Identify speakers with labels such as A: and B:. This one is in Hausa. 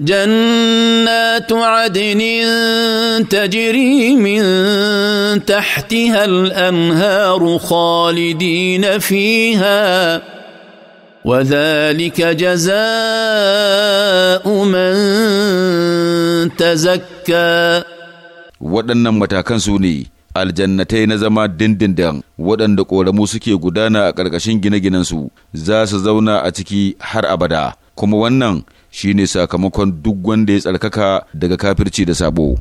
A: جنات عدن تجري من تحتها الانهار خالدين فيها وذلك جزاء من تزكى
B: waɗannan matakan su ne aljannatai na zama dindindin waɗanda ƙoramu suke gudana a ƙarƙashin gine-ginensu za su zauna a ciki har abada kuma wannan shine sakamakon duk wanda ya tsarkaka daga kafirci da sabo